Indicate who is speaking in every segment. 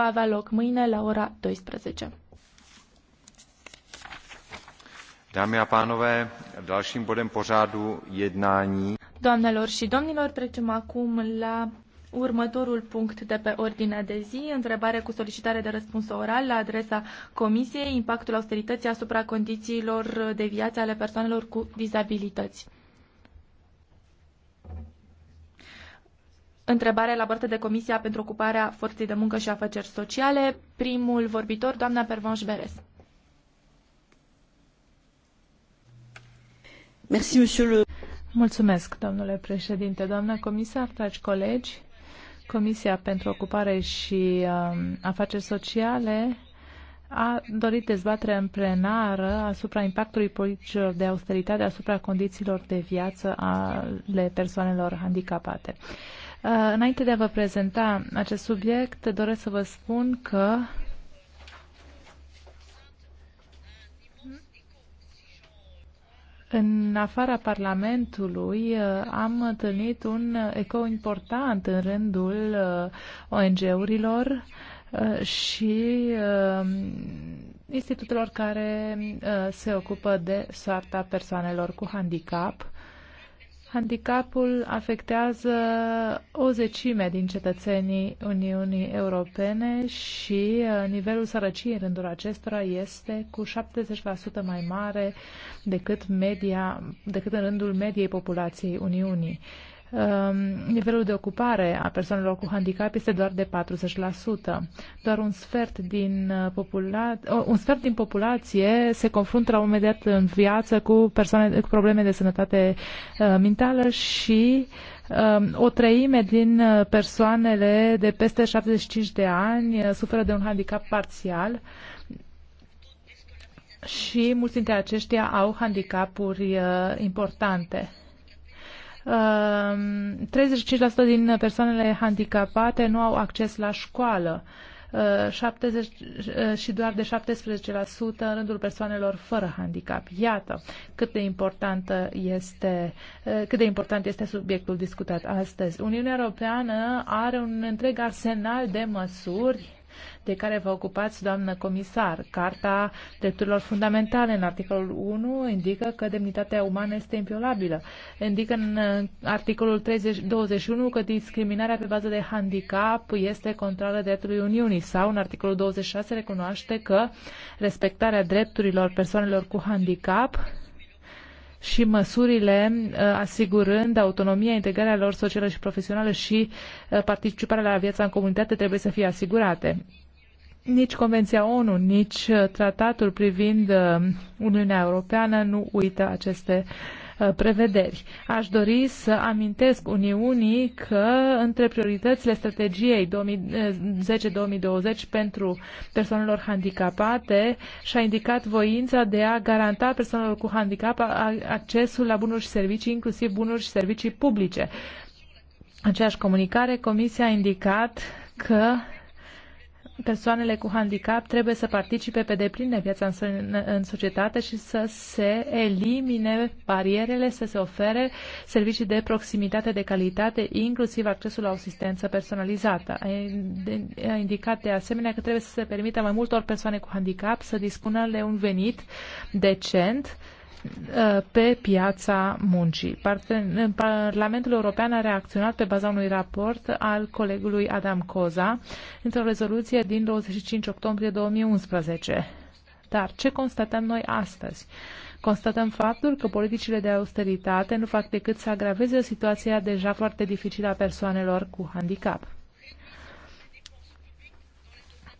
Speaker 1: va avea loc mâine la ora 12.
Speaker 2: Dámy a pánové, dalším bodem pořádu jednání.
Speaker 1: Doamnelor și domnilor, trecem acum la Următorul punct de pe ordinea de zi, întrebare cu solicitare de răspuns oral la adresa Comisiei, impactul austerității asupra condițiilor de viață ale persoanelor cu dizabilități. întrebare elaborată de Comisia pentru Ocuparea Forței de Muncă și Afaceri Sociale. Primul vorbitor, doamna Pervanș Beres.
Speaker 3: Mulțumesc, domnule președinte, doamna comisar, dragi colegi. Comisia pentru Ocupare și um, Afaceri Sociale a dorit dezbatere în plenară asupra impactului politicilor de austeritate asupra condițiilor de viață ale persoanelor handicapate. Uh, Uh, înainte de a vă prezenta acest subiect, doresc să vă spun că În afara Parlamentului uh, am întâlnit un eco important în rândul uh, ONG-urilor și institutelor care se ocupă de soarta persoanelor cu handicap Handicapul afectează o zecime din cetățenii Uniunii Europene și uh, nivelul sărăciei în rândul acestora este cu 70% mai mare decât, media, decât în rândul mediei populației Uniunii. Um, nivelul de ocupare a persoanelor cu handicap este doar de 40%. Doar un sfert din, uh, popula- un sfert din populație se confruntă la un moment dat în viață cu persoane cu probleme de sănătate uh, mentală și um, o treime din uh, persoanele de peste 75 de ani suferă de un handicap parțial și mulți dintre aceștia au handicapuri importante. 35% ehm, din persoanele handicapate nu au acces la școală. 70 ehm, eh, și doar de 17% în rândul persoanelor fără handicap. Iată cât de importantă este, eh, cât de important este subiectul discutat astăzi. Uniunea Europeană are un întreg arsenal de măsuri de care vă ocupați, doamnă comisar. Carta Drepturilor Fundamentale, în articolul 1, indică că demnitatea umană este impiolabilă. Indică în uh, articolul 30, 21 că discriminarea pe bază de handicap este contrară dreptului Uniunii sau în articolul 26 recunoaște că respectarea drepturilor persoanelor cu handicap și măsurile uh, asigurând autonomia, integrarea lor socială și profesională și uh, participarea la viața în comunitate trebuie să fie asigurate. Nici Convenția ONU, nici uh, tratatul privind uh, Uniunea Europeană nu uită aceste uh, prevederi. Aș dori să amintesc Uniunii că între prioritățile strategiei 2010-2020 pentru persoanelor handicapate și-a indicat voința de a garanta persoanelor cu handicap accesul la bunuri și servicii, inclusiv bunuri și servicii publice. În aceeași comunicare, Comisia a indicat că persoanele cu handicap trebuie să participe pe deplin în viața în, în societate și să se elimine barierele, să se ofere servicii de proximitate de calitate, inclusiv accesul la o asistență personalizată. A indicat de asemenea că trebuie să se permită mai multor persoane cu handicap să dispună de un venit decent Uh, pe piața muncii. Parlamentul European a reacționat pe baza unui raport al colegului Adam Coza într-o rezoluție din 25 octombrie 2011. Dar ce constatăm noi astăzi? Constatăm faptul că politicile de austeritate nu fac decât să agraveze situația deja foarte dificilă a persoanelor cu handicap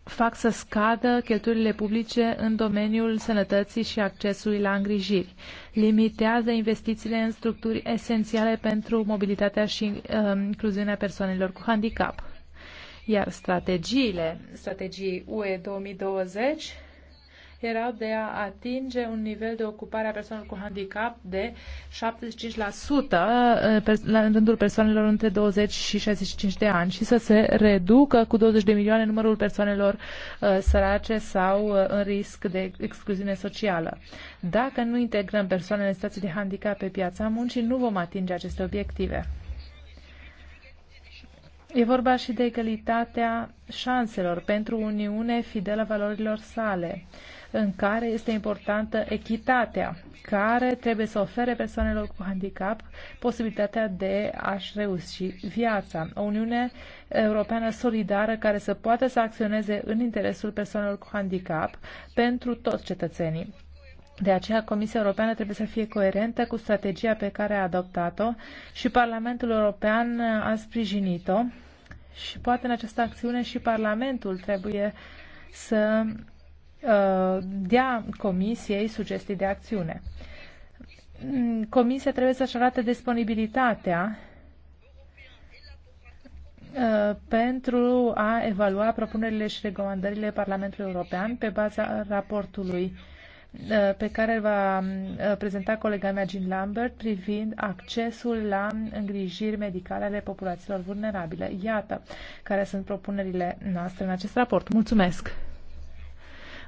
Speaker 3: fac să scadă cheltuielile publice în domeniul sănătății și accesului la îngrijiri. Limitează investițiile în structuri esențiale pentru mobilitatea și um, incluziunea persoanelor cu handicap. Iar strategiile, strategii UE 2020 erau de a atinge un nivel de ocupare a persoanelor cu handicap de 75% în eh, rândul persoanelor între 20 și 65 de ani și să se reducă cu 20 de milioane numărul persoanelor eh, sărace sau eh, în risc de excluziune socială. Dacă nu integrăm persoanele în situații de handicap pe piața muncii, nu vom atinge aceste obiective. E vorba și de egalitatea șanselor pentru Uniune fidelă valorilor sale, în care este importantă echitatea, care trebuie să ofere persoanelor cu handicap posibilitatea de a-și reuși viața. O Uniune Europeană solidară care să poată să acționeze în interesul persoanelor cu handicap pentru toți cetățenii. De aceea, Comisia Europeană trebuie să fie coerentă cu strategia pe care a adoptat-o și Parlamentul European a sprijinit-o și poate în această acțiune și Parlamentul trebuie să uh, dea Comisiei sugestii de acțiune. Mm, Comisia trebuie să-și arate disponibilitatea uh, pentru a evalua propunerile și recomandările Parlamentului European pe baza raportului Eh, pe care va eh, prezenta colega mea Jean Lambert privind accesul la îngrijiri medicale ale populațiilor vulnerabile. Iată care sunt propunerile noastre în acest raport. Mulțumesc!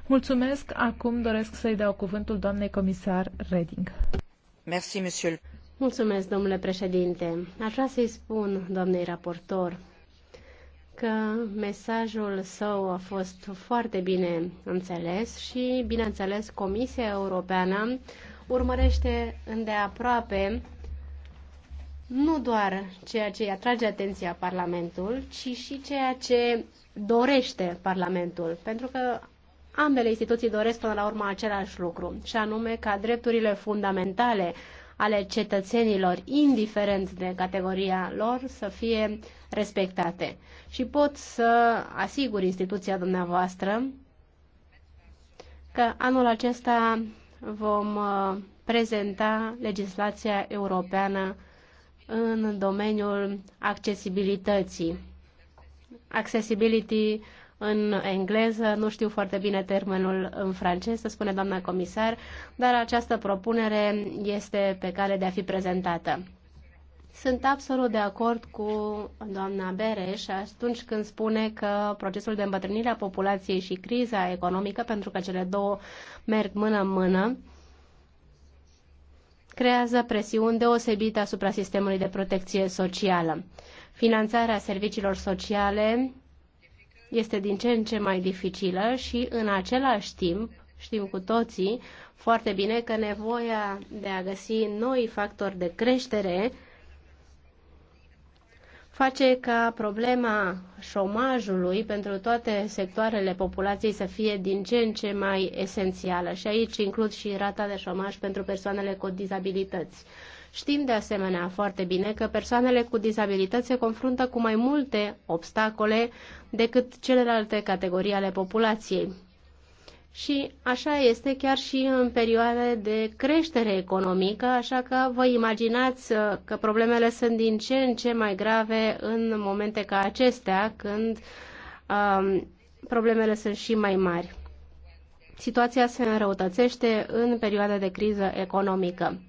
Speaker 3: Mulțumesc! Acum doresc să-i dau cuvântul doamnei comisar Reding.
Speaker 2: Merci, monsieur. Mulțumesc, domnule președinte. Aș vrea să-i spun, doamnei raportor, că mesajul său a fost foarte bine înțeles și, bineînțeles, Comisia Europeană urmărește îndeaproape nu doar ceea ce atrage atenția Parlamentul, ci și ceea ce dorește Parlamentul, pentru că ambele instituții doresc până la urmă același lucru, și anume ca drepturile fundamentale ale cetățenilor, indiferent de categoria lor, să fie respectate. Și pot să asigur instituția dumneavoastră că anul acesta vom uh, prezenta legislația europeană în domeniul accesibilității. Accessibility în engleză, nu știu foarte bine termenul în franceză, spune doamna comisar, dar această propunere este pe cale de a fi prezentată. Sunt absolut de acord cu doamna Bereș atunci când spune că procesul de îmbătrânire a populației și criza economică, pentru că cele două merg mână în mână, creează presiuni deosebite asupra sistemului de protecție socială. Finanțarea serviciilor sociale este din ce în ce mai dificilă și în același timp știm cu toții foarte bine că nevoia de a găsi noi factori de creștere face ca problema șomajului pentru toate sectoarele populației să fie din ce în ce mai esențială și aici includ și rata de șomaj pentru persoanele cu dizabilități. Știm de asemenea foarte bine că persoanele cu dizabilități se confruntă cu mai multe obstacole decât celelalte categorii ale populației. Și așa este chiar și în perioade de creștere economică, așa că vă imaginați uh, că problemele sunt din ce în ce mai grave în momente ca acestea, când um, problemele sunt și mai mari. Situația se înrăutățește în perioada de criză economică.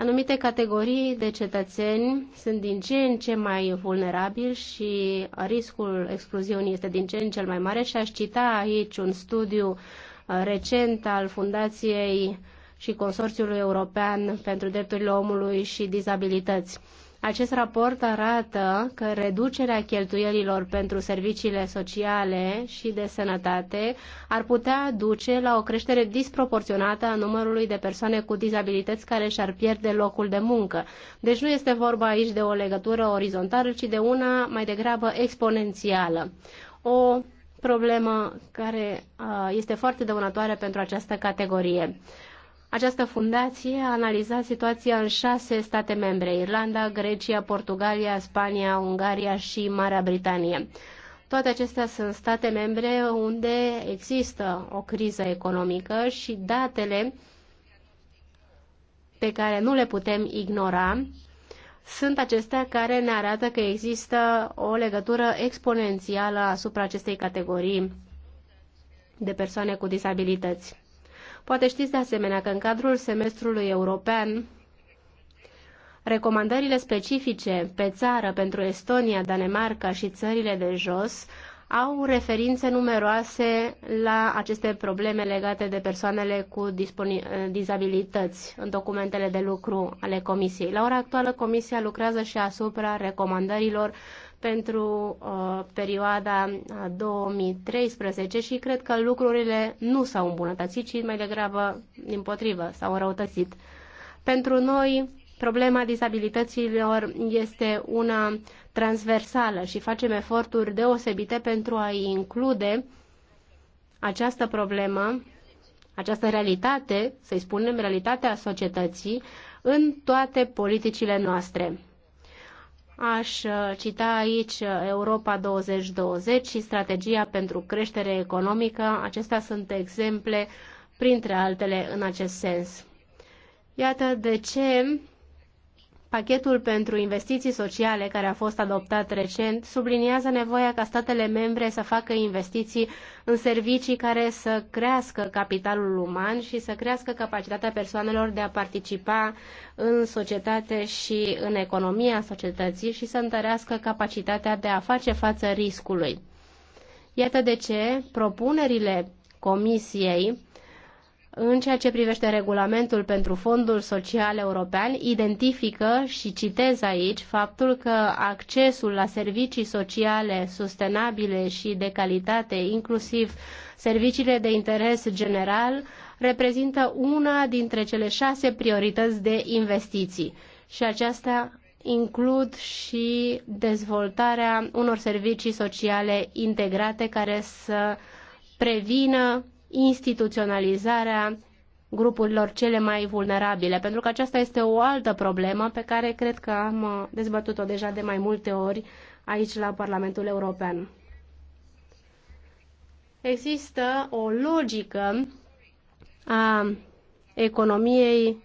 Speaker 2: Anumite categorii de cetățeni sunt din ce în ce mai vulnerabili și riscul excluziunii este din ce în ce mai mare și aș cita aici un studiu uh, recent al Fundației și Consorțiului European pentru Drepturile Omului și Dizabilități. Acest raport arată că reducerea cheltuielilor pentru serviciile sociale și de sănătate ar putea duce la o creștere disproporționată a numărului de persoane cu dizabilități care și-ar pierde locul de muncă. Deci nu este vorba aici de o legătură orizontală, ci de una mai degrabă exponențială. O problemă care uh, este foarte dăunătoare pentru această categorie. Această fundație a analizat situația în șase state membre, Irlanda, Grecia, Portugalia, Spania, Ungaria și Marea Britanie. Toate acestea sunt state membre unde există o criză economică și datele pe care nu le putem ignora sunt acestea care ne arată că există o legătură exponențială asupra acestei categorii de persoane cu disabilități. Poate știți de asemenea că în cadrul semestrului european recomandările specifice pe țară pentru Estonia, Danemarca și țările de jos au referințe numeroase la aceste probleme legate de persoanele cu dizabilități în documentele de lucru ale Comisiei. La ora actuală, Comisia lucrează și asupra recomandărilor pentru uh, perioada 2013 uh, și cred că lucrurile nu s-au îmbunătățit, ci mai degrabă din potrivă s-au răutățit. Pentru noi, problema disabilităților este una transversală și facem eforturi deosebite pentru a include această problemă, această realitate, să-i spunem, realitatea societății, în toate politicile noastre. Aș uh, cita aici uh, Europa 2020 și strategia pentru creștere economică. Acestea sunt exemple, printre altele, în acest sens. Iată de ce Pachetul pentru investiții sociale care a fost adoptat recent subliniază nevoia ca statele membre să facă investiții în servicii care să crească capitalul uman și să crească capacitatea persoanelor de a participa în societate și în economia societății și să întărească capacitatea de a face față riscului. Iată de ce propunerile Comisiei în ceea ce privește regulamentul pentru Fondul Social European, identifică și citez aici faptul că accesul la servicii sociale sustenabile și de calitate, inclusiv serviciile de interes general, reprezintă una dintre cele șase priorități de investiții. Și aceasta includ și dezvoltarea unor servicii sociale integrate care să prevină instituționalizarea grupurilor cele mai vulnerabile, pentru că aceasta este o altă problemă pe care cred că am uh, dezbătut-o deja de mai multe ori aici la Parlamentul European. Există o logică a economiei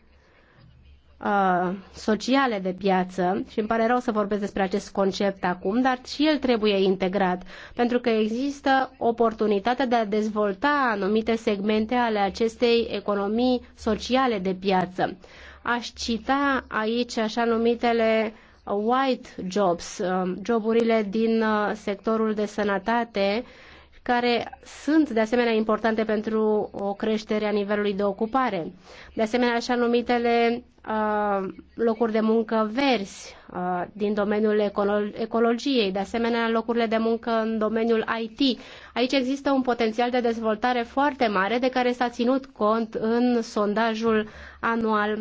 Speaker 2: uh, sociale de piață și îmi pare rău să vorbesc despre acest concept acum, dar și el trebuie integrat, pentru că există oportunitatea de a dezvolta anumite segmente ale acestei economii sociale de piață. Aș cita aici așa numitele white jobs, uh, joburile din uh, sectorul de sănătate, uh, care sunt de asemenea importante pentru o creștere a nivelului de ocupare. De asemenea, așa numitele uh, locuri de muncă verzi uh, din domeniul ecolo- ecologiei, de asemenea locurile de muncă în domeniul IT. Aici există un potențial de dezvoltare foarte mare de care s-a ținut cont în sondajul anual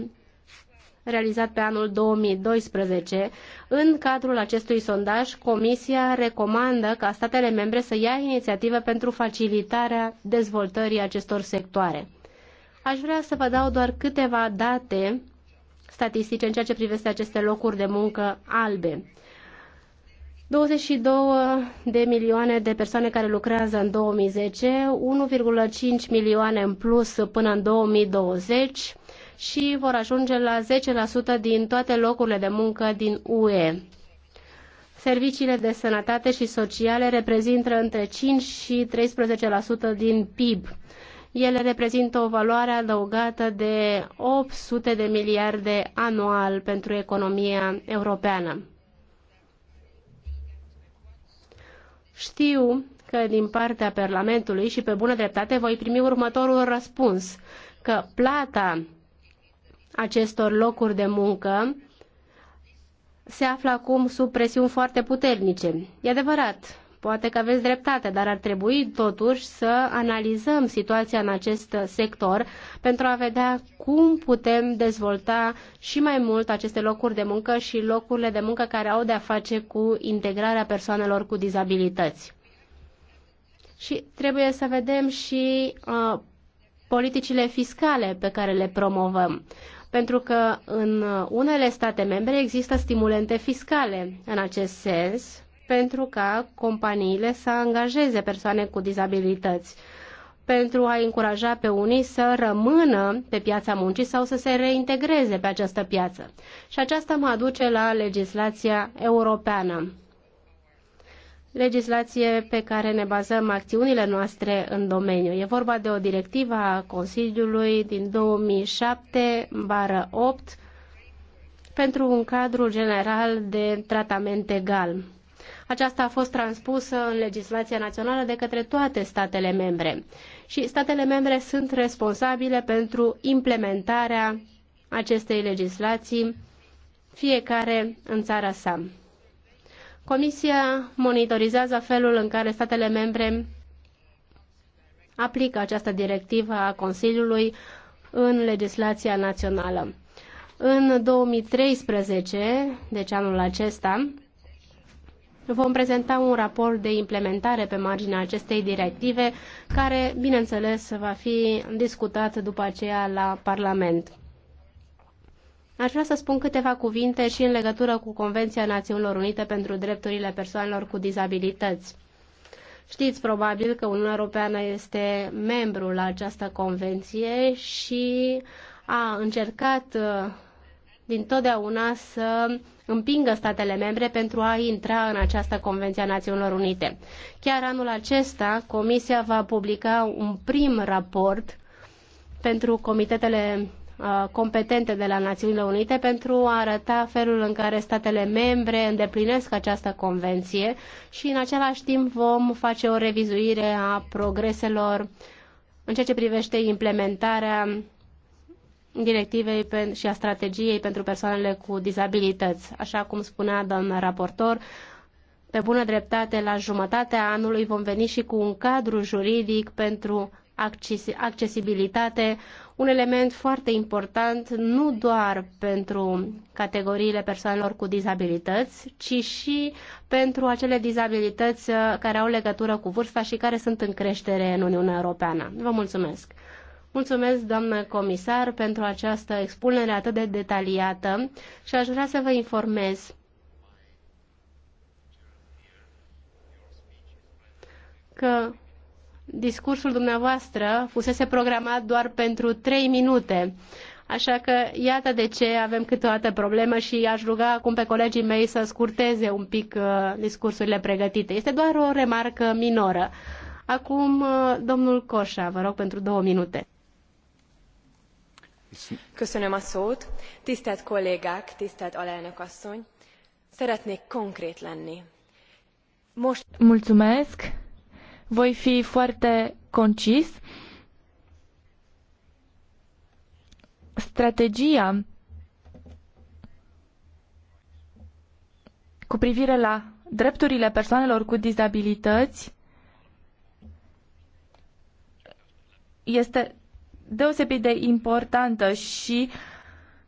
Speaker 2: realizat pe anul 2012. În cadrul acestui sondaj, Comisia recomandă ca statele membre să ia inițiativă pentru facilitarea dezvoltării acestor sectoare. Aș vrea să vă dau doar câteva date statistice în ceea ce privește aceste locuri de muncă albe. 22 de milioane de persoane care lucrează în 2010, 1,5 milioane în plus până în 2020, și vor ajunge la 10% din toate locurile de muncă din UE. Serviciile de sănătate și sociale reprezintă între 5 și 13% din PIB. Ele reprezintă o valoare adăugată de 800 de miliarde anual pentru economia europeană. Știu că din partea Parlamentului și pe bună dreptate voi primi următorul răspuns, că plata acestor locuri de muncă se află acum sub presiuni foarte puternice. E adevărat, poate că aveți dreptate, dar ar trebui totuși să analizăm situația în acest sector pentru a vedea cum putem dezvolta și mai mult aceste locuri de muncă și locurile de muncă care au de-a face cu integrarea persoanelor cu dizabilități. Și trebuie să vedem și uh, politicile fiscale pe care le promovăm pentru că în unele state membre există stimulente fiscale în acest sens pentru ca companiile să angajeze persoane cu dizabilități pentru a încuraja pe unii să rămână pe piața muncii sau să se reintegreze pe această piață. Și aceasta mă aduce la legislația europeană legislație pe care ne bazăm acțiunile noastre în domeniu. E vorba de o directivă a Consiliului din 2007-8 pentru un cadru general de tratament egal. Aceasta a fost transpusă în legislația națională de către toate statele membre și statele membre sunt responsabile pentru implementarea acestei legislații, fiecare în țara sa. Comisia monitorizează felul în care statele membre aplică această directivă a Consiliului în legislația națională. În 2013, deci anul acesta, vom prezenta un raport de implementare pe marginea acestei directive, care, bineînțeles, va fi discutat după aceea la Parlament. Aș vrea să spun câteva cuvinte și în legătură cu Convenția Națiunilor Unite pentru Drepturile Persoanelor cu Dizabilități. Știți probabil că Uniunea Europeană este membru la această convenție și a încercat uh, din totdeauna să împingă statele membre pentru a intra în această Convenție a Națiunilor Unite. Chiar anul acesta, Comisia va publica un prim raport pentru comitetele Uh, competente de la Națiunile Unite pentru a arăta felul în care statele membre îndeplinesc această convenție și în același timp vom face o revizuire a progreselor în ceea ce privește implementarea directivei și a strategiei pentru persoanele cu dizabilități. Așa cum spunea doamna raportor, pe bună dreptate, la jumătatea anului vom veni și cu un cadru juridic pentru accesibilitate, un element foarte important nu doar pentru categoriile persoanelor cu dizabilități, ci și pentru acele dizabilități uh, care au legătură cu vârsta și care sunt în creștere în Uniunea Europeană. Vă mulțumesc! Mulțumesc, doamnă comisar, pentru această expunere atât de detaliată și aș vrea să vă informez că discursul dumneavoastră fusese programat doar pentru 3 minute. Așa că iată de ce avem câteodată problemă și aș ruga acum pe colegii mei să scurteze un pic uh, discursurile pregătite. Este doar o remarcă minoră. Acum, uh, domnul Coșa, vă rog pentru două minute.
Speaker 1: Köszönöm a szót. Tisztelt kollégák, tisztelt alelnök asszony, szeretnék konkrét lenni. Most... Mulțumesc. Voi fi foarte concis. Strategia cu privire la drepturile persoanelor cu dizabilități este deosebit de importantă și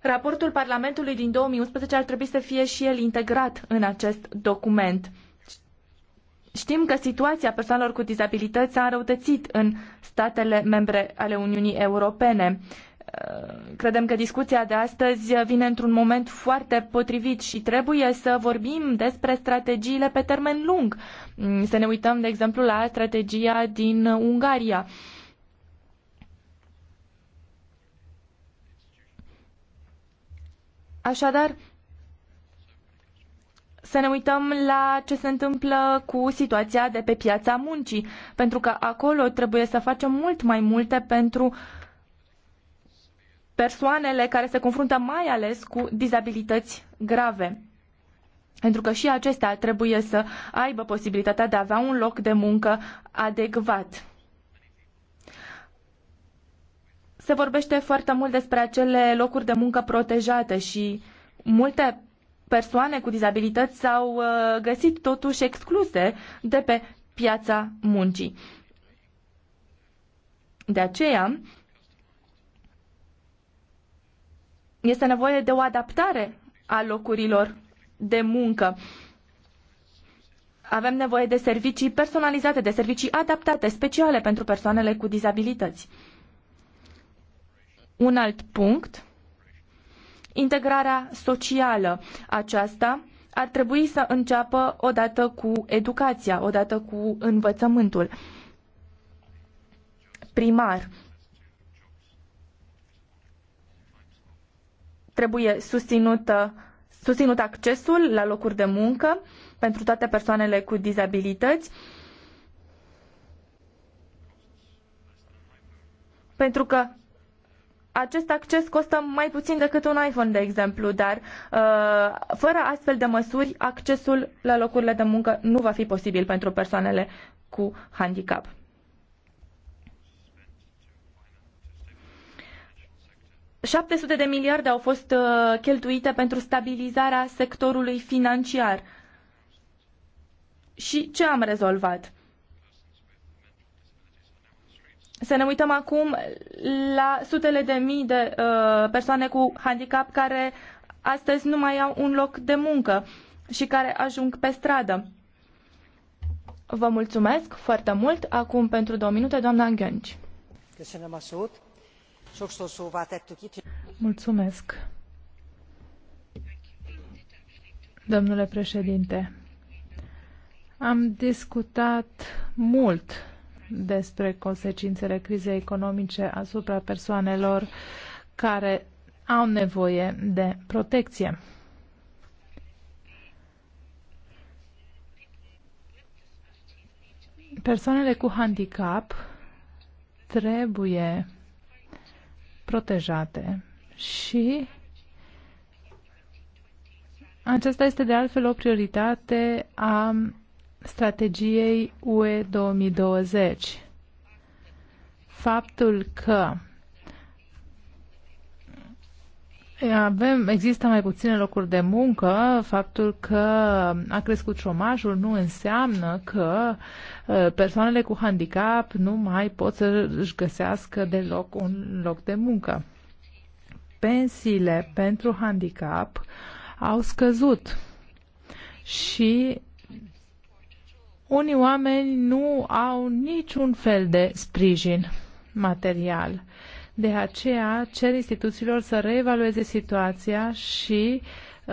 Speaker 1: raportul Parlamentului din 2011 ar trebui să fie și el integrat în acest document. Știm că situația persoanelor cu dizabilități s-a înrăutățit în statele membre ale Uniunii Europene. Uh, credem că discuția de astăzi vine într-un moment foarte potrivit și trebuie să vorbim despre strategiile pe termen lung. Mm, să ne uităm, de exemplu, la strategia din Ungaria. Așadar, să ne uităm la ce se întâmplă cu situația de pe piața muncii, pentru că acolo trebuie să facem mult mai multe pentru persoanele care se confruntă mai ales cu dizabilități grave. Pentru că și acestea trebuie să aibă posibilitatea de a avea un loc de muncă adecvat. Se vorbește foarte mult despre acele locuri de muncă protejate și multe persoane cu dizabilități s-au uh, găsit totuși excluse de pe piața muncii. De aceea, este nevoie de o adaptare a locurilor de muncă. Avem nevoie de servicii personalizate, de servicii adaptate, speciale pentru persoanele cu dizabilități. Un alt punct integrarea socială. Aceasta ar trebui să înceapă odată cu educația, odată cu învățământul primar. Trebuie susținut, susținut accesul la locuri de muncă pentru toate persoanele cu dizabilități, pentru că acest acces costă mai puțin decât un iPhone, de exemplu, dar uh, fără astfel de măsuri, accesul la locurile de muncă nu va fi posibil pentru persoanele cu handicap. sute de miliarde au fost uh, cheltuite pentru stabilizarea sectorului financiar. Și ce am rezolvat? Să ne uităm acum la sutele de mii de uh, persoane cu handicap care astăzi nu mai au un loc de muncă și care ajung pe stradă. Vă mulțumesc foarte mult. Acum, pentru două minute, doamna Gheonci. Mulțumesc. Domnule
Speaker 3: președinte, am discutat mult despre consecințele crizei economice asupra persoanelor care au nevoie de protecție. Persoanele cu handicap trebuie protejate și aceasta este de altfel o prioritate a strategiei UE 2020. Faptul că avem, există mai puține locuri de muncă, faptul că a crescut șomajul nu înseamnă că ă, persoanele cu handicap nu mai pot să își găsească deloc un loc de muncă. Pensiile pentru handicap au scăzut și unii oameni nu au niciun fel de sprijin material. De aceea cer instituțiilor să reevalueze situația și Uh,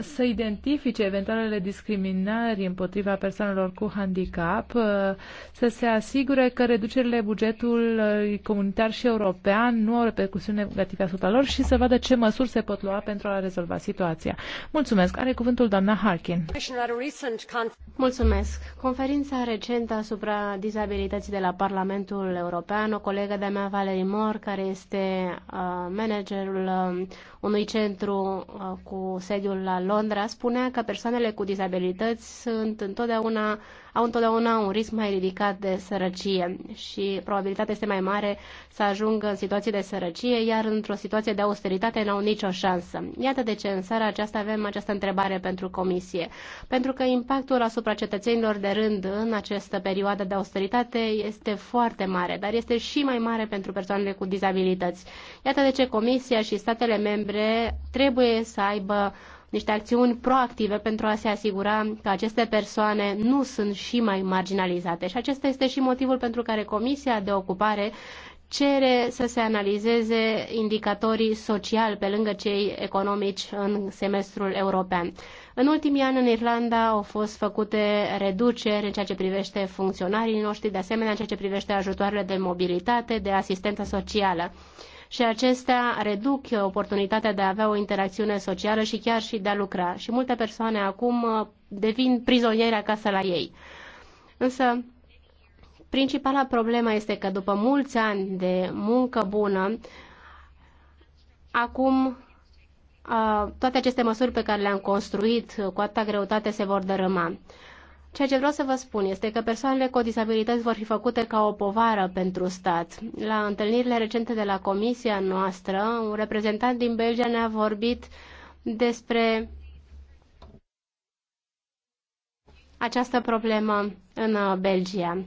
Speaker 3: să identifice eventualele discriminări împotriva persoanelor cu handicap, uh, să se asigure că reducerile bugetului uh, comunitar și european nu au repercusiuni negative asupra lor și să vadă ce măsuri se pot lua pentru a rezolva situația. Mulțumesc. Are cuvântul doamna Harkin.
Speaker 2: Mulțumesc. Conferința recentă asupra dizabilității de la Parlamentul European, o colegă de-a mea, Valerie Mor, care este managerul um, unui centru uh, cu sediul la Londra spunea că persoanele cu dizabilități sunt întotdeauna au întotdeauna un risc mai ridicat de sărăcie și probabilitatea este mai mare să ajungă în situații de sărăcie, iar într-o situație de austeritate n-au nicio șansă. Iată de ce în seara aceasta avem această întrebare pentru Comisie, pentru că impactul asupra cetățenilor de rând în această perioadă de austeritate este foarte mare, dar este și mai mare pentru persoanele cu dizabilități. Iată de ce Comisia și statele membre trebuie să aibă niște acțiuni proactive pentru a se asigura că aceste persoane nu sunt și mai marginalizate. Și acesta este și motivul pentru care Comisia de Ocupare cere să se analizeze indicatorii sociali pe lângă cei economici în semestrul european. În ultimii ani în Irlanda au fost făcute reduceri în ceea ce privește funcționarii noștri, de asemenea în ceea ce privește ajutoarele de mobilitate, de asistență socială și acestea reduc uh, oportunitatea de a avea o interacțiune socială și chiar și de a lucra. Și multe persoane acum uh, devin prizonieri acasă la ei. Însă, principala problemă este că după mulți ani de muncă bună, acum uh, toate aceste măsuri pe care le-am construit cu atâta greutate se vor dărâma. Ceea ce vreau să vă spun este că persoanele cu disabilități vor fi făcute ca o povară pentru stat. La întâlnirile recente de la comisia noastră, un reprezentant din Belgia ne-a vorbit despre această problemă în uh, Belgia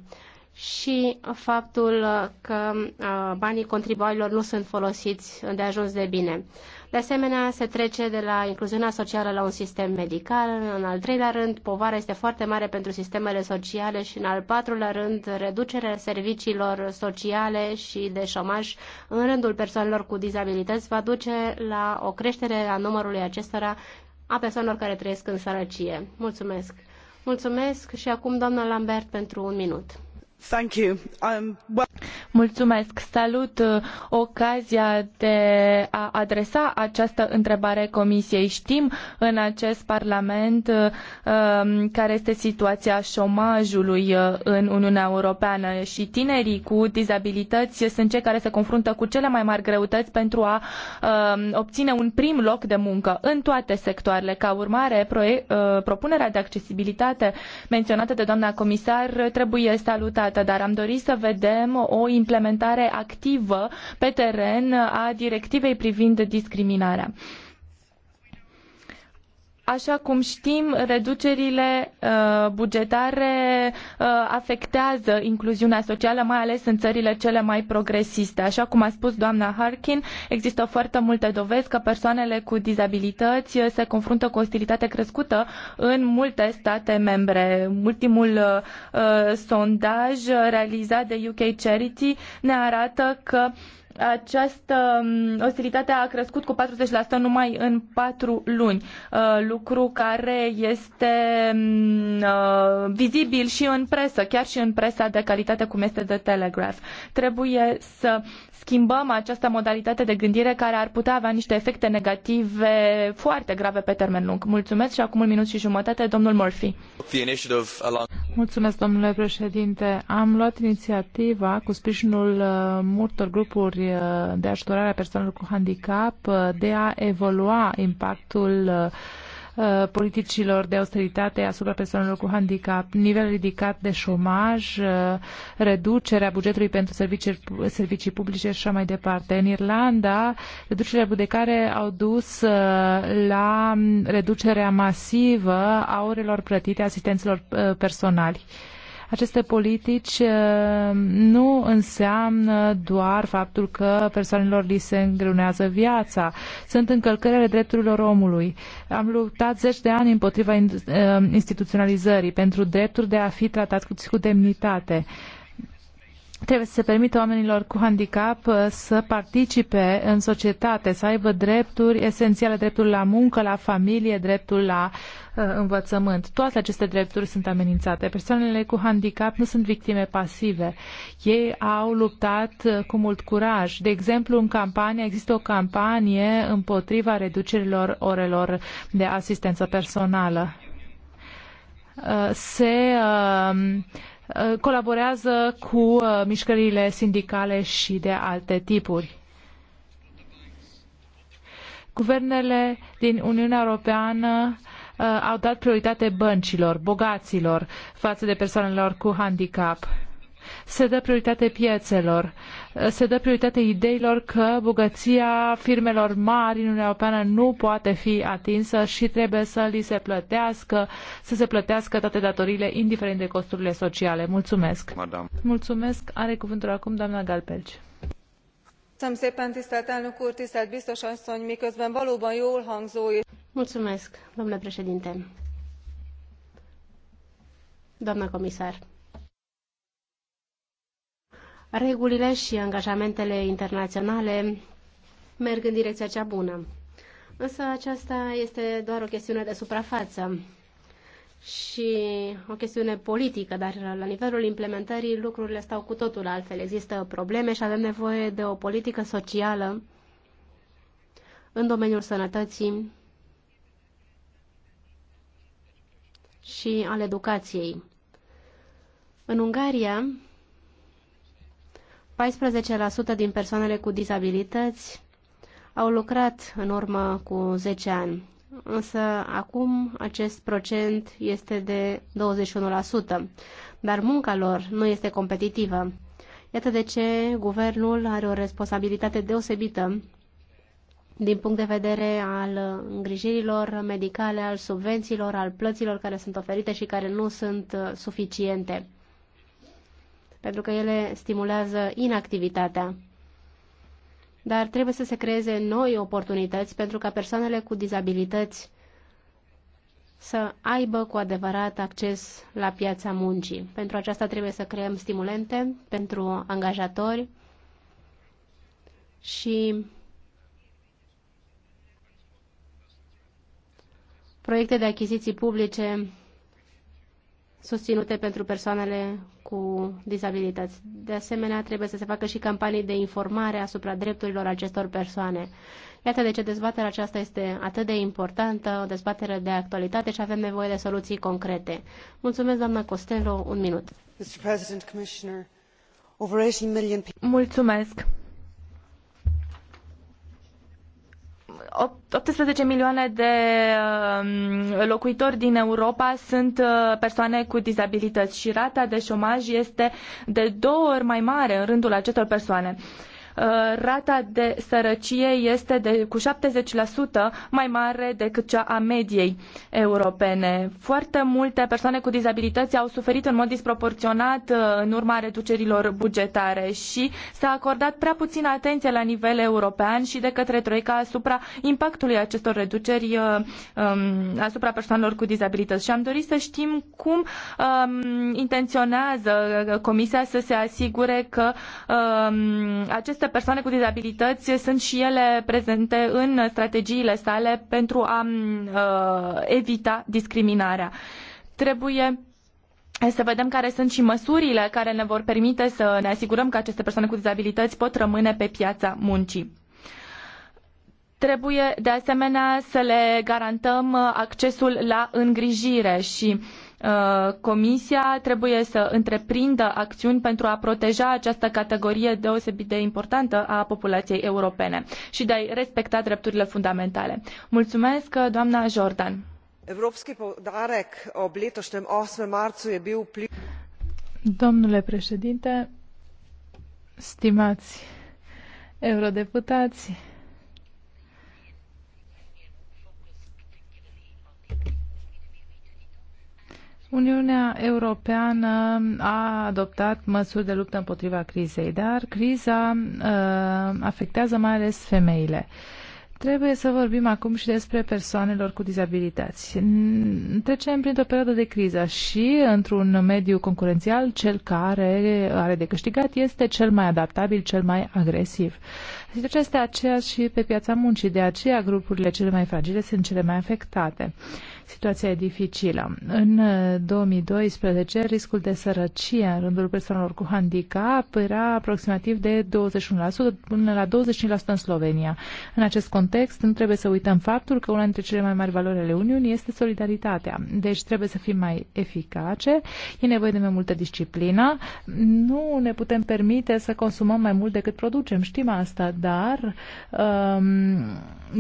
Speaker 2: și faptul că uh, banii contribuabililor nu sunt folosiți de ajuns de bine. De asemenea, se trece de la incluziunea socială la un sistem medical. În al treilea rând, povara este foarte mare pentru sistemele sociale și în al patrulea rând, reducerea serviciilor sociale și de șomaj în rândul persoanelor cu dizabilități va duce la o creștere a numărului acestora a persoanelor care trăiesc în sărăcie. Mulțumesc! Mulțumesc și acum doamna Lambert pentru un minut. Um, Mulțumesc. Salut uh, ocazia de
Speaker 1: a adresa această întrebare Comisiei. Știm în acest Parlament uh, um, care este situația omajului uh, în Uniunea Europeană și tinerii cu dizabilități sunt cei care se confruntă cu cele mai mari greutăți pentru a um, obține un prim loc de muncă în toate sectoarele. Ca urmare, propunerea de accesibilitate menționată de doamna comisar trebuie salutată deocamdată, dar am dorit să vedem o implementare activă pe teren a directivei privind discriminarea. Așa cum știm, reducerile uh, bugetare uh, afectează incluziunea socială, mai ales în țările cele mai progresiste. Așa cum a spus doamna Harkin, există foarte multe dovezi că persoanele cu dizabilități uh, se confruntă cu ostilitate crescută în multe state membre. Ultimul sondaj realizat de UK Charity ne arată că această um, ostilitate a crescut cu 40% numai în 4 luni, uh, lucru care este um, uh, vizibil și în presă, chiar și în presa de calitate cum este The Telegraph. Trebuie să schimbăm această modalitate de gândire care ar putea avea niște efecte negative foarte grave pe termen lung. Mulțumesc și acum un minut și jumătate, domnul Murphy. Mulțumesc, domnule președinte. Am luat
Speaker 3: inițiativa cu sprijinul uh, multor grupuri uh, de ajutorare a persoanelor cu handicap uh, de a evolua impactul uh, Uh, politicilor de austeritate asupra persoanelor cu handicap, nivel ridicat de șomaj, uh, reducerea bugetului pentru servicii, servicii publice și așa mai departe. În Irlanda, reducerea budecare au dus uh, la reducerea masivă a orelor plătite asistenților personali. Aceste politici uh, nu înseamnă doar faptul că persoanelor li se îngreunează viața. Sunt încălcări ale drepturilor omului. Am luptat zeci de ani împotriva uh, instituționalizării pentru dreptul de a fi tratat cu demnitate trebuie să se permită oamenilor cu handicap uh, să participe în societate, să aibă drepturi esențiale, dreptul la muncă, la familie, dreptul la uh, învățământ. Toate aceste drepturi sunt amenințate. Persoanele cu handicap nu sunt victime pasive. Ei au luptat uh, cu mult curaj. De exemplu, în campanie există o campanie împotriva reducerilor orelor de asistență personală. se uh, Uh, colaborează cu uh, mișcările sindicale și de alte tipuri. Guvernele din Uniunea Europeană uh, au dat prioritate băncilor, bogaților, față de persoanelor cu handicap se dă prioritate piețelor, se dă prioritate ideilor că bogăția firmelor mari în Uniunea Europeană nu poate fi atinsă și trebuie să li se plătească, să se plătească toate datoriile, indiferent de costurile sociale. Mulțumesc! Madame. Mulțumesc! Are cuvântul acum doamna Galpelci.
Speaker 2: Mulțumesc, domnule președinte. Doamna comisar. Regulile și angajamentele internaționale merg în direcția cea bună. Însă aceasta este doar o chestiune de suprafață și o chestiune politică, dar la nivelul implementării lucrurile stau cu totul altfel. Există probleme și avem nevoie de o politică socială în domeniul sănătății și al educației. În Ungaria, 14% din persoanele cu dizabilități au lucrat în urmă cu 10 ani, însă acum acest procent este de 21%, dar munca lor nu este competitivă. Iată de ce guvernul are o responsabilitate deosebită din punct de vedere al îngrijirilor medicale, al subvențiilor, al plăților care sunt oferite și care nu sunt suficiente pentru că ele stimulează inactivitatea. Dar trebuie să se creeze noi oportunități pentru ca persoanele cu dizabilități să aibă cu adevărat acces la piața muncii. Pentru aceasta trebuie să creăm stimulente pentru angajatori și proiecte de achiziții publice susținute pentru persoanele cu dizabilități. De asemenea, trebuie să se facă și campanii de informare asupra drepturilor acestor persoane. Iată de ce dezbaterea aceasta este atât de importantă, o dezbatere de actualitate și avem nevoie de soluții concrete. Mulțumesc, doamna Costello, un minut. Mulțumesc.
Speaker 1: 18 milioane de um, locuitori din Europa sunt uh, persoane cu dizabilități și rata de șomaj este de două ori mai mare în rândul acestor persoane. Uh, rata de sărăcie este de, cu 70% mai mare decât cea a mediei europene. Foarte multe persoane cu dizabilități au suferit în mod disproporționat uh, în urma reducerilor bugetare și s-a acordat prea puțină atenție la nivel european și de către Troica asupra impactului acestor reduceri uh, um, asupra persoanelor cu dizabilități. Și am dorit să știm cum um, intenționează Comisia să se asigure că um, aceste persoane cu dizabilități sunt și ele prezente în strategiile sale pentru a uh, evita discriminarea. Trebuie să vedem care sunt și măsurile care ne vor permite să ne asigurăm că aceste persoane cu dizabilități pot rămâne pe piața muncii. Trebuie de asemenea să le garantăm accesul la îngrijire și uh, Uh, comisia trebuie să întreprindă acțiuni pentru a proteja această categorie deosebit de importantă a populației europene și de a respecta drepturile fundamentale. Mulțumesc, uh, doamna Jordan.
Speaker 2: Evropski podarek ob letošnjem 8. marcu je
Speaker 1: Domnule
Speaker 3: președinte, stimați eurodeputați, Uniunea Europeană a adoptat măsuri de luptă împotriva crizei, dar criza uh, afectează mai ales femeile. Trebuie să vorbim acum și despre persoanelor cu dizabilități. Trecem printr-o perioadă de criză și într-un mediu concurențial, cel care are de câștigat este cel mai adaptabil, cel mai agresiv. Situația deci este aceeași și pe piața muncii, de aceea grupurile cele mai fragile sunt cele mai afectate. Situația e dificilă. În 2012, uh, riscul de sărăcie în rândul persoanelor cu handicap era aproximativ de 21% până la 25% în Slovenia. În acest context, nu trebuie să uităm faptul că una dintre cele mai mari valori ale Uniunii este solidaritatea. Deci trebuie să fim mai eficace, e nevoie de mai multă disciplină, nu ne putem permite să consumăm mai mult decât producem, știm asta, dar um,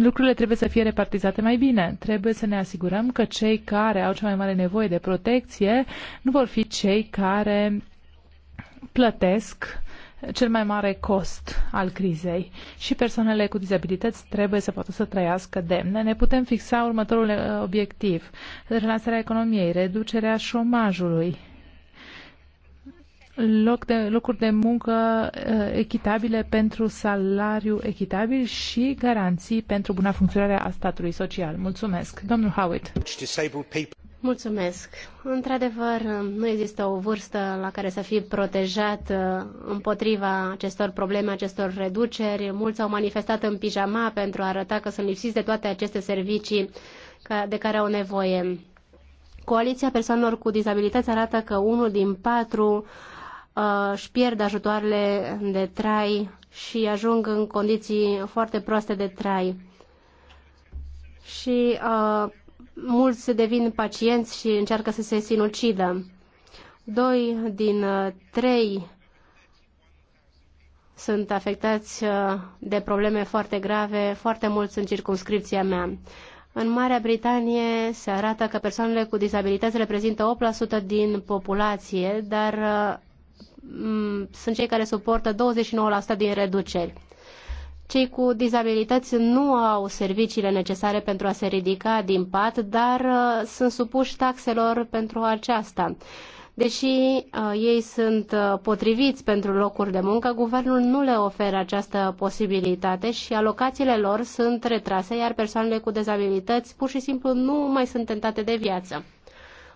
Speaker 3: lucrurile trebuie să fie repartizate mai bine. Trebuie să ne asigurăm că că cei care au cea mai mare nevoie de protecție nu vor fi cei care plătesc cel mai mare cost al crizei și persoanele cu dizabilități trebuie să poată să trăiască demne. Ne putem fixa următorul obiectiv, relansarea economiei, reducerea șomajului, loc de, locuri de muncă uh, echitabile pentru salariu echitabil și garanții
Speaker 2: pentru buna funcționare a statului social. Mulțumesc. Domnul Howitt. Mulțumesc. Într-adevăr, nu există o vârstă la care să fie protejat uh, împotriva acestor probleme, acestor reduceri. Mulți au manifestat în pijama pentru a arăta că sunt lipsiți de toate aceste servicii de care au nevoie. Coaliția persoanelor cu dizabilități arată că unul din patru uh, Uh, își pierd ajutoarele de trai și ajung în condiții foarte proaste de trai. Și uh, mulți se devin pacienți și încearcă să se sinucidă. Doi din uh, trei sunt afectați uh, de probleme foarte grave, foarte mulți în circunscripția mea. În Marea Britanie se arată că persoanele cu dizabilități reprezintă 8% din populație, dar Mm, sunt cei care suportă 29% din reduceri. Cei cu dizabilități nu au serviciile necesare pentru a se ridica din pat, dar uh, sunt supuși taxelor pentru aceasta. Deși uh, ei sunt uh, potriviți pentru locuri de muncă, guvernul nu le oferă această posibilitate și alocațiile lor sunt retrase, iar persoanele cu dezabilități pur și simplu nu mai sunt tentate de viață.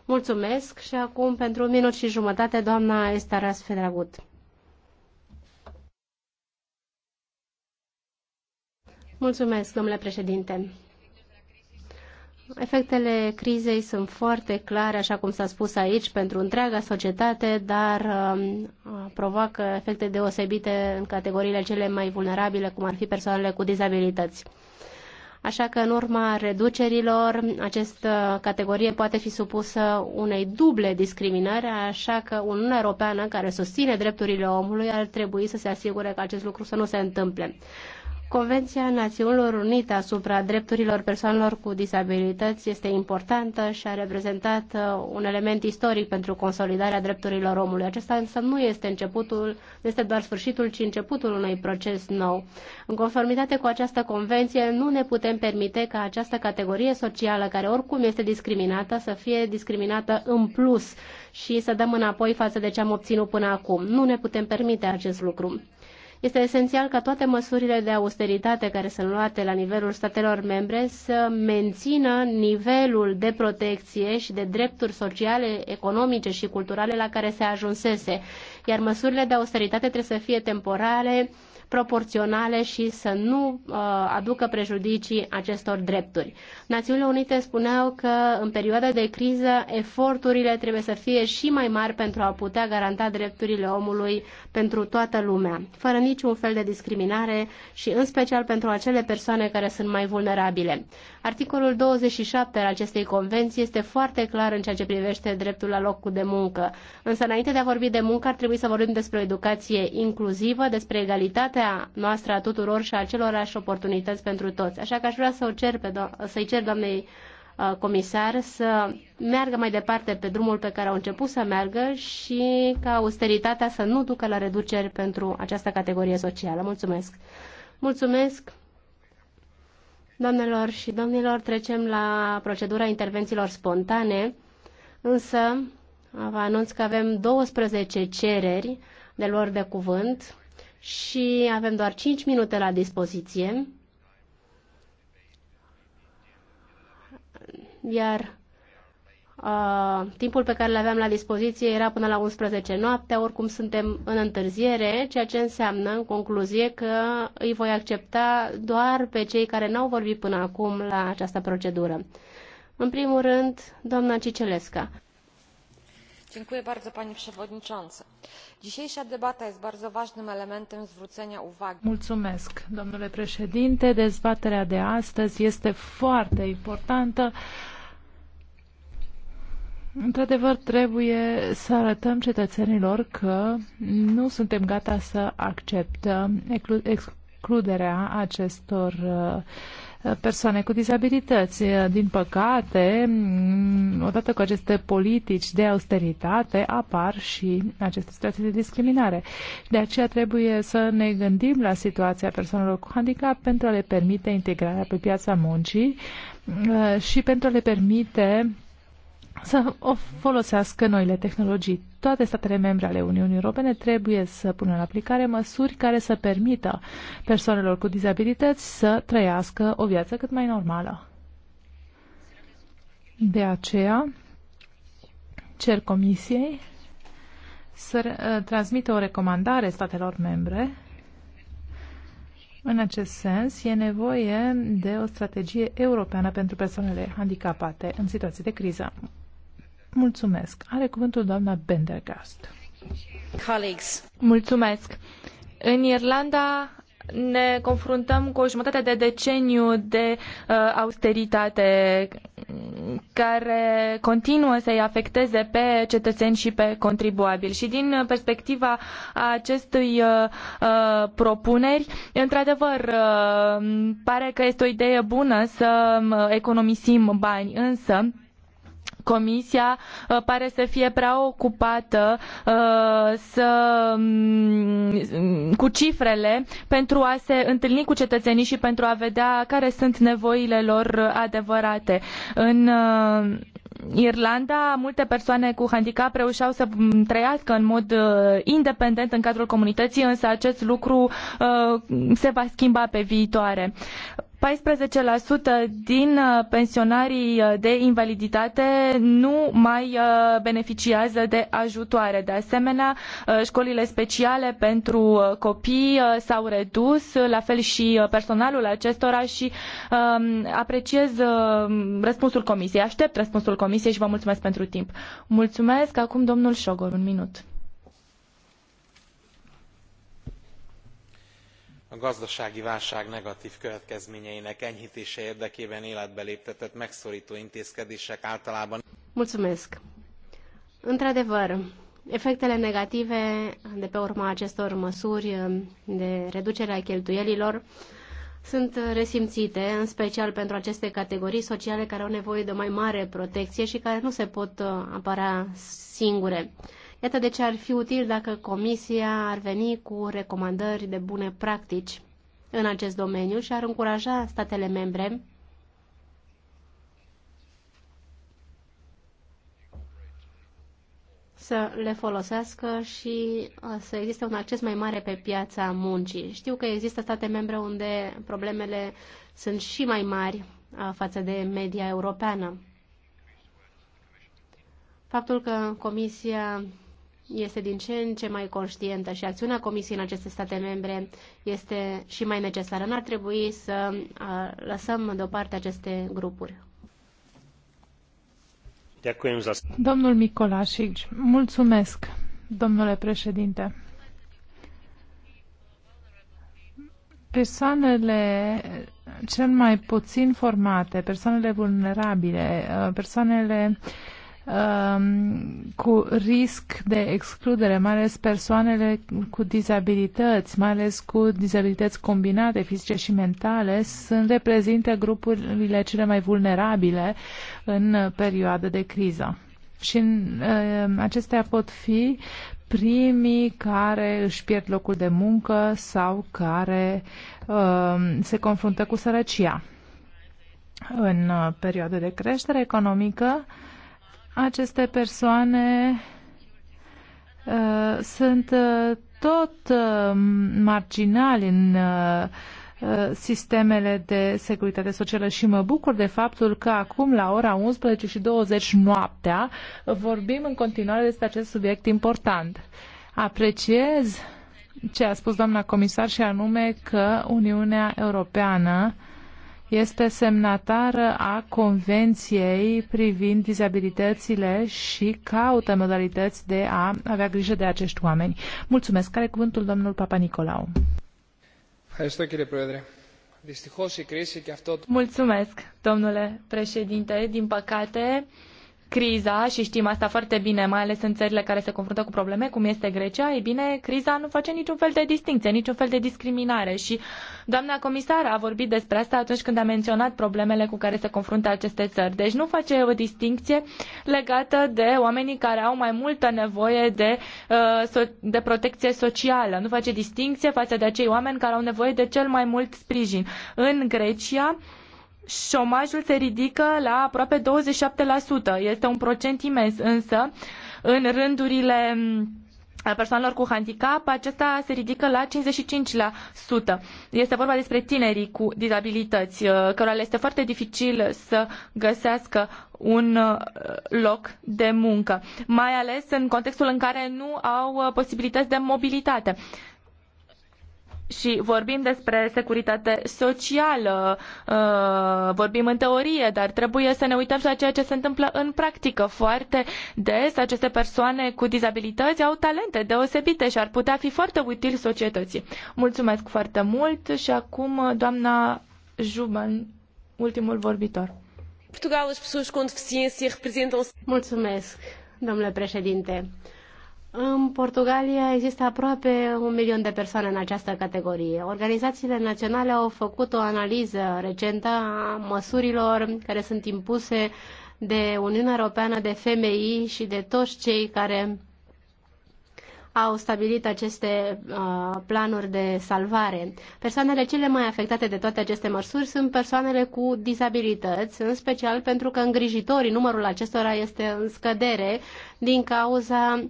Speaker 2: Mulțumesc și acum pentru un minut și jumătate doamna Estaras Fedragut. Mulțumesc, domnule președinte. Efectele crizei sunt foarte clare, așa cum s-a spus aici, pentru întreaga societate, dar uh, provoacă efecte deosebite în categoriile cele mai vulnerabile, cum ar fi persoanele cu dizabilități. Uh, Așa că în urma reducerilor, această categorie poate fi supusă unei duble discriminări, așa că Uniunea Europeană, care susține drepturile omului, ar trebui să se asigure că acest lucru să nu se întâmple. Convenția Națiunilor Unite asupra drepturilor persoanelor cu disabilități este importantă și a reprezentat uh, un element istoric pentru consolidarea drepturilor omului. Acesta însă nu este începutul, nu este doar sfârșitul, ci începutul unui proces nou. În conformitate cu această convenție, nu ne putem permite ca această categorie socială, care oricum este discriminată, să fie discriminată în plus și să dăm înapoi față de ce am obținut până acum. Nu ne putem permite acest lucru. Este esențial ca toate măsurile de austeritate care sunt luate la nivelul statelor membre să mențină nivelul de protecție și de drepturi sociale, economice și culturale la care se ajunsese, iar măsurile de austeritate trebuie să fie temporale proporționale și să nu uh, aducă prejudicii acestor drepturi. Națiunile Unite spuneau că în perioada de criză eforturile trebuie să fie și mai mari pentru a putea garanta drepturile omului pentru toată lumea, fără niciun fel de discriminare și în special pentru acele persoane care sunt mai vulnerabile. Articolul 27 al acestei convenții este foarte clar în ceea ce privește dreptul la locul de muncă. Însă, înainte de a vorbi de muncă, ar trebui să vorbim despre o educație inclusivă, despre egalitatea împărtășirea noastră a tuturor și a acelorași oportunități pentru toți. Așa că aș vrea să o cer pe do- să-i cer doamnei uh, comisar să meargă mai departe pe drumul pe care au început să meargă și ca austeritatea să nu ducă la reduceri pentru această categorie socială. Mulțumesc! Mulțumesc! Doamnelor și domnilor, trecem la procedura intervențiilor spontane, însă vă anunț că avem 12 cereri de lor de cuvânt și avem doar 5 minute la dispoziție. Iar uh, timpul pe care îl aveam la dispoziție era până la 11 noaptea, oricum suntem în întârziere, ceea ce înseamnă, în concluzie, că îi voi accepta doar pe cei care n-au vorbit până acum la această procedură. În primul rând, doamna Cicelesca
Speaker 1: dzisiejsza debata jest
Speaker 3: bardzo ważnym elementem zwrócenia uwagi. Mulțumesc, domnule președinte. Dezbaterea de astăzi este foarte importantă. Într-adevăr, trebuie să arătăm cetățenilor că nu suntem gata să acceptăm excluderea acestor uh, persoane cu dizabilități. Din păcate, mm, odată cu aceste politici de austeritate, apar și aceste situații de discriminare. De aceea trebuie să ne gândim la situația persoanelor cu handicap pentru a le permite integrarea pe piața muncii uh, și pentru a le permite să folosească noile tehnologii. Toate statele membre ale Uniunii Europene trebuie să pună în aplicare măsuri care să permită persoanelor cu dizabilități să trăiască o viață cât mai normală. De aceea, cer Comisiei să uh, transmită o recomandare statelor membre. În acest sens, e nevoie de o strategie europeană pentru persoanele handicapate în situații de criză. Mulțumesc. Are cuvântul doamna Bendergast. Colleagues. Mulțumesc.
Speaker 1: În Irlanda ne confruntăm cu o jumătate de deceniu de uh, austeritate care continuă să-i afecteze pe cetățeni și pe contribuabili. Și din perspectiva acestui uh, uh propuneri, într-adevăr, uh, pare că este o idee bună să um, economisim bani, însă Comisia uh, pare să fie prea ocupată uh, să, mm, cu cifrele pentru a se întâlni cu cetățenii și pentru a vedea care sunt nevoile lor adevărate. În uh, Irlanda, multe persoane cu handicap reușeau să mm, trăiască în mod independent în cadrul comunității, însă acest lucru se va schimba pe viitoare 14% din uh, pensionarii uh, de invaliditate nu mai uh, beneficiază de ajutoare. De asemenea, școlile speciale pentru copii s-au redus, la fel și personalul acestora și um, apreciez răspunsul comisiei. Aștept răspunsul comisiei și vă mulțumesc pentru timp. Mulțumesc. Acum domnul Șogor, un minut.
Speaker 3: a gazdasági válság negatv következményeinek enyhtése érdekében életbe léptetett megszortó intézkedések általában.
Speaker 2: într adevăr efectele negative de pe urma acestor măsuri de reducere a cheltuielilor sunt resimțite, în special pentru aceste categorii sociale care au nevoie de o mai mare protecție și care nu se pot apăra singure. Iată de ce ar fi util dacă Comisia ar veni cu recomandări de bune practici în acest domeniu și ar încuraja statele membre să le folosească și uh, să existe un acces mai mare pe piața muncii. Știu că există state membre unde problemele sunt și mai mari uh, față de media europeană. Faptul că Comisia este din ce în ce mai conștientă și acțiunea Comisiei în aceste state membre este și mai necesară. N-ar trebui să lăsăm deoparte aceste grupuri.
Speaker 3: Domnul Micolașic, mulțumesc, domnule președinte. Persoanele cel mai puțin formate, persoanele vulnerabile, persoanele uh, Um, cu risc de excludere, mai ales persoanele cu dizabilități, mai ales cu dizabilități combinate, fizice și mentale, sunt reprezintă grupurile cele mai vulnerabile în perioada de criză. Și um, acestea pot fi primii care își pierd locul de muncă sau care um, se confruntă cu sărăcia. În uh, perioada de creștere economică, uh, aceste persoane uh, sunt uh, tot uh, marginali în uh, uh, sistemele de securitate socială și mă bucur de faptul că acum la ora 11 și 20 noaptea vorbim în continuare despre acest subiect important. Apreciez ce a spus doamna comisar și anume că Uniunea Europeană uh, este semnatară a Convenției privind dizabilitățile și caută modalități de a avea grijă de acești oameni. Mulțumesc. Care cuvântul
Speaker 1: domnul Papa Nicolau? Mulțumesc, domnule președinte. Din păcate, criza, și știm asta foarte bine, mai ales în țările care se confruntă cu probleme, cum este Grecia, e bine, criza nu face niciun fel de distinție, niciun fel de discriminare. Și doamna comisar a vorbit despre asta atunci când a menționat problemele cu care se confruntă aceste țări. Deci nu face o distinție legată de oamenii care au mai multă nevoie de, uh, de protecție socială. Nu face distinție față de acei oameni care au nevoie de cel mai mult sprijin. În Grecia, șomajul se ridică la aproape 27%. Este un procent imens, însă în rândurile persoanelor cu handicap, acesta se ridică la 55%. Este vorba despre tinerii cu dizabilități, uh, cărora le este foarte dificil să găsească un uh, loc de muncă, mai ales în contextul în care nu au uh, posibilități de mobilitate și vorbim despre securitate socială, uh, vorbim în teorie, dar trebuie să ne uităm la ceea ce se întâmplă în practică. Foarte des aceste persoane cu dizabilități au talente deosebite și ar putea fi foarte utili societății. Mulțumesc foarte mult și acum uh, doamna Juban,
Speaker 2: ultimul vorbitor. Portugal, as pessoas com deficiência representam... Mulțumesc, domnule președinte. În Portugalia există aproape un milion de persoane în această categorie. Organizațiile naționale au făcut o analiză recentă a măsurilor care sunt impuse de Uniunea Europeană, de femei și de toți cei care au stabilit aceste uh, planuri de salvare. Persoanele cele mai afectate de toate aceste măsuri sunt persoanele cu dizabilități, în special pentru că îngrijitorii, numărul acestora este în scădere din cauza uh,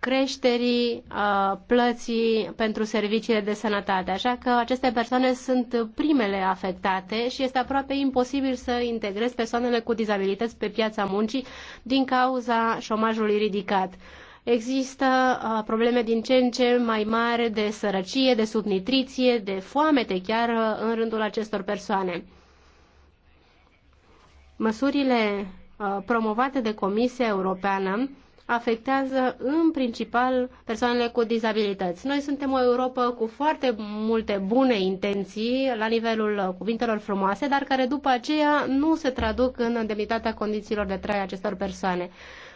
Speaker 2: creșterii plății pentru serviciile de sănătate. Așa că aceste persoane sunt primele afectate și este aproape imposibil să integrezi persoanele cu dizabilități pe piața muncii din cauza șomajului ridicat. Există probleme din ce în ce mai mari de sărăcie, de subnutriție, de foamete chiar în rândul acestor persoane. Măsurile promovate de Comisia Europeană afectează în principal persoanele cu dizabilități. Noi suntem o Europa cu foarte multe bune intenții la nivelul cuvintelor frumoase, dar care după aceea nu se traduc în demnitatea condițiilor de trai acestor persoane.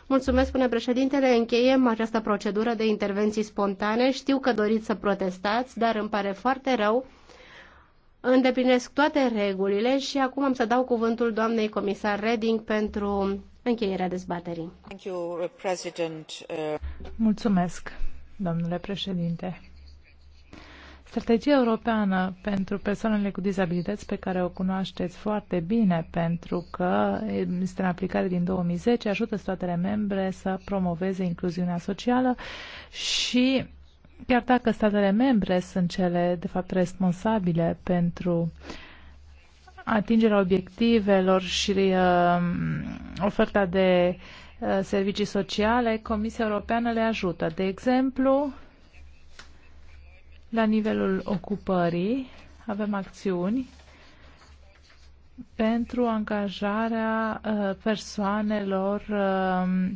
Speaker 2: Mulțumesc, spune președintele. Încheiem această procedură de intervenții spontane. Știu că doriți să protestați, dar îmi pare foarte rău. Îndeplinesc toate regulile și acum am să dau cuvântul doamnei comisar Reding pentru încheierea dezbaterii. Uh, Mulțumesc,
Speaker 3: domnule președinte. Strategia europeană pentru persoanele cu dizabilități pe care o cunoașteți foarte bine pentru că este în aplicare din 2010, ajută statele membre să promoveze incluziunea socială și chiar dacă statele membre sunt cele de fapt responsabile pentru uh, atingerea obiectivelor și uh, oferta de uh, servicii sociale, Comisia Europeană le ajută. De exemplu, la nivelul ocupării avem acțiuni pentru angajarea uh, persoanelor uh,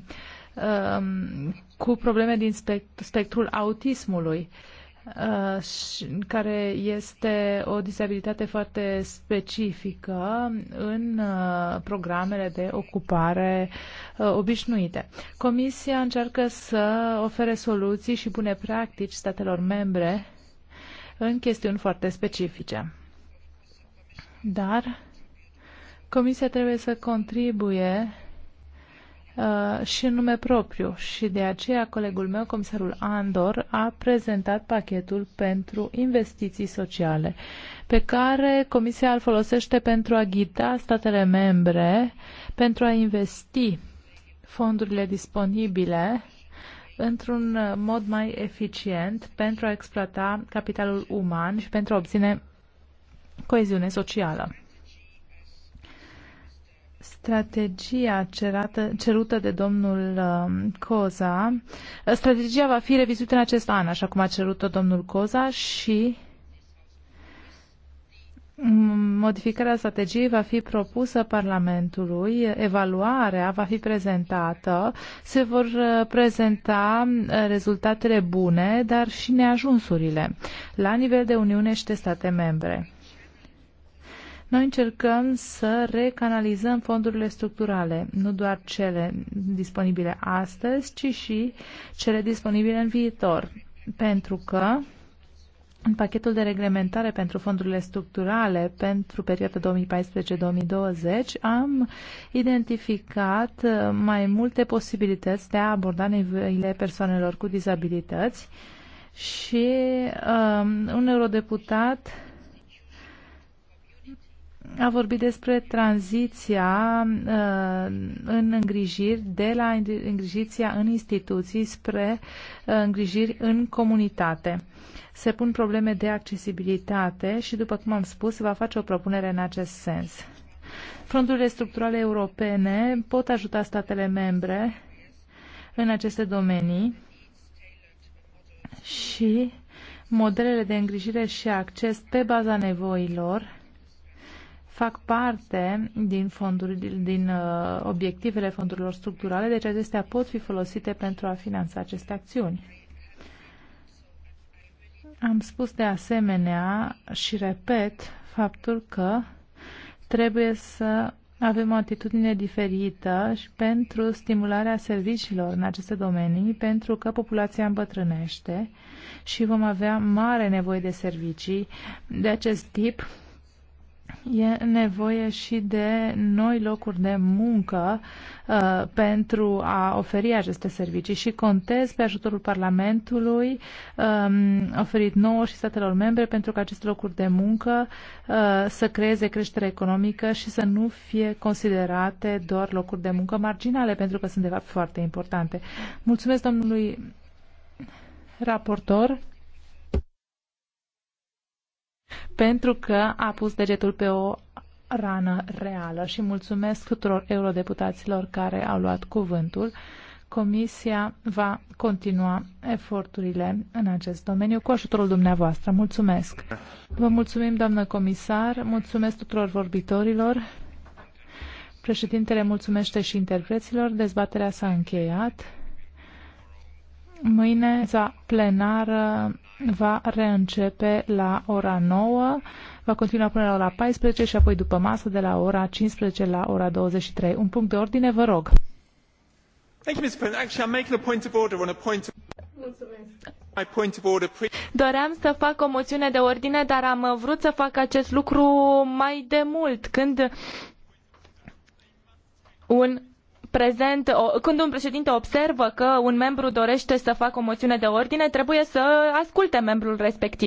Speaker 3: uh, cu probleme din spectrul autismului. Uh, Uh, care este o disabilitate foarte specifică în uh, programele de ocupare uh, obișnuite. Comisia încearcă să ofere soluții și bune practici statelor membre în chestiuni foarte specifice. Dar Comisia trebuie să contribuie Uh, și în nume propriu și de aceea colegul meu, comisarul Andor, a prezentat pachetul pentru investiții sociale pe care Comisia îl folosește pentru a ghida statele membre pentru a investi fondurile disponibile într-un mod mai eficient pentru a exploata capitalul uman și pentru a obține coeziune socială strategia cerată, cerută de domnul uh, Coza, strategia va fi revizuită în acest an, așa cum a cerut-o domnul Coza și mm, modificarea strategiei va fi propusă Parlamentului, evaluarea va fi prezentată, se vor uh, prezenta uh, rezultatele bune, dar și neajunsurile, la nivel de Uniune și de state membre. Noi încercăm să recanalizăm fondurile structurale, nu doar cele disponibile astăzi, ci și cele disponibile în viitor, pentru că în pachetul de reglementare pentru fondurile structurale pentru perioada 2014-2020 am identificat uh, mai multe posibilități de a aborda nevoile persoanelor cu dizabilități și um, un eurodeputat a vorbit despre tranziția uh, în îngrijiri de la îngrijiția în instituții spre uh, îngrijiri în comunitate. Se pun probleme de accesibilitate și, după cum am spus, va face o propunere în acest sens. Fondurile structurale europene pot ajuta statele membre în aceste domenii și modelele de îngrijire și acces pe baza nevoilor fac parte din, fonduri, din uh, obiectivele fondurilor structurale, deci acestea pot fi folosite pentru a finanța aceste acțiuni. Am spus de asemenea și repet faptul că trebuie să avem o atitudine diferită și pentru stimularea serviciilor în aceste domenii, pentru că populația îmbătrânește și vom avea mare nevoie de servicii de acest tip E nevoie și de noi locuri de muncă uh, pentru a oferi aceste servicii și contez pe ajutorul Parlamentului um, oferit nouă și statelor membre pentru că aceste locuri de muncă uh, să creeze creștere economică și să nu fie considerate doar locuri de muncă marginale pentru că sunt de fapt foarte importante. Mulțumesc domnului raportor pentru că a pus degetul pe o rană reală și mulțumesc tuturor eurodeputaților care au luat cuvântul. Comisia va continua eforturile în acest domeniu cu ajutorul dumneavoastră. Mulțumesc! Vă mulțumim, doamnă comisar, mulțumesc tuturor vorbitorilor. Președintele mulțumește și interpreților. Dezbaterea s-a încheiat. Mâine, plenară va reîncepe la ora 9, va continua până la ora 14 și apoi după masă de la ora 15 la ora 23. Un punct de ordine, vă rog.
Speaker 1: Doream să fac o moțiune de ordine, dar am vrut să fac acest lucru mai de mult, când un prezent, când un președinte observă că un membru dorește să facă o moțiune de ordine, trebuie să asculte membrul respectiv.